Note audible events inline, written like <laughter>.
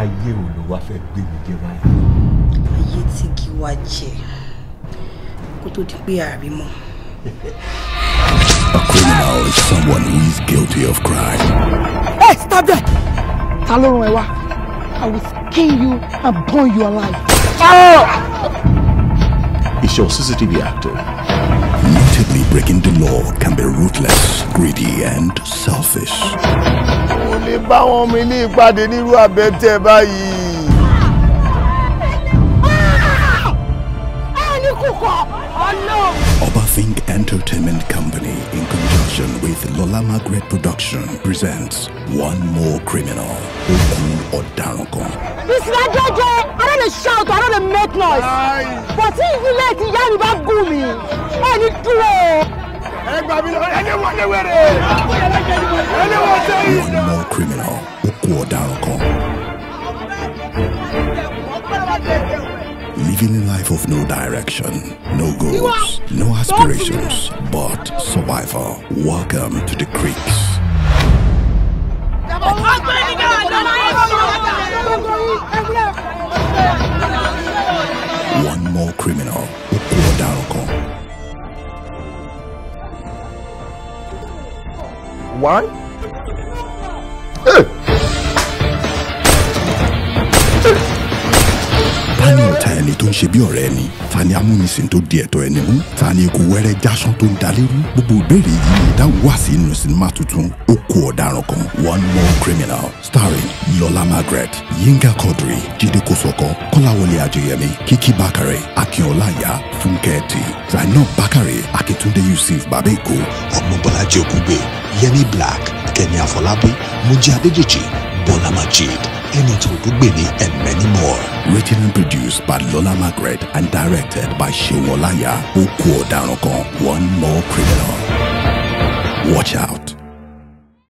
ayé ò ló wá fẹ́ gbé mi jẹ báyìí. ayé tí kì wá jẹ kó tó di pé àárín mọ. A <laughs> criminal is someone who is guilty of crime. Hey, stop there! Ta ló rán ẹ wá? I will skin you and burn you alive. Is your CCTV actor. repeatedly breaking the law can be ruthless, greedy, and selfish. Ó Entertainment Company in conjunction with Lola Margaret Production presents One More Criminal, Okun Odaranko. Mr. Jojo, I don't shout, I don't make noise. But if you let the young man go me, I need to Babylon, anyone they were Anyone say is One more criminal will go Living a life of no direction, no goals, no aspirations, but survival. Welcome to the creeks. One more criminal will go Why? ta ọ̀tá ẹni tó ń ṣe bí ọ̀rẹ́ ẹni ta amúnisìn tó di ẹ̀tọ́ ẹni mú ta ikú wẹ́rẹ́ jásán tó ń dalérú gbogbo ìbéèrè yìí ni ìdáhùn wá sí inú sinimá tuntun ó ọ̀daràn kan one more criminal starring lola margaret yinka quadri jide kosoko kọ́láwọlé ajẹyẹmí kiki bakare akínọláyà fúnkẹ́ tí zainab bakare akíntúndé yusuf Babeko, ọmọ bọ́lájí ògúngbè yẹmi black kẹmi àfọlábí mojí adéjèjì bọlá majid enito dugbeni and many more. written and produced by lola margaret and directed by seun olaya oku ọ̀daràn kan one more criminal watch out.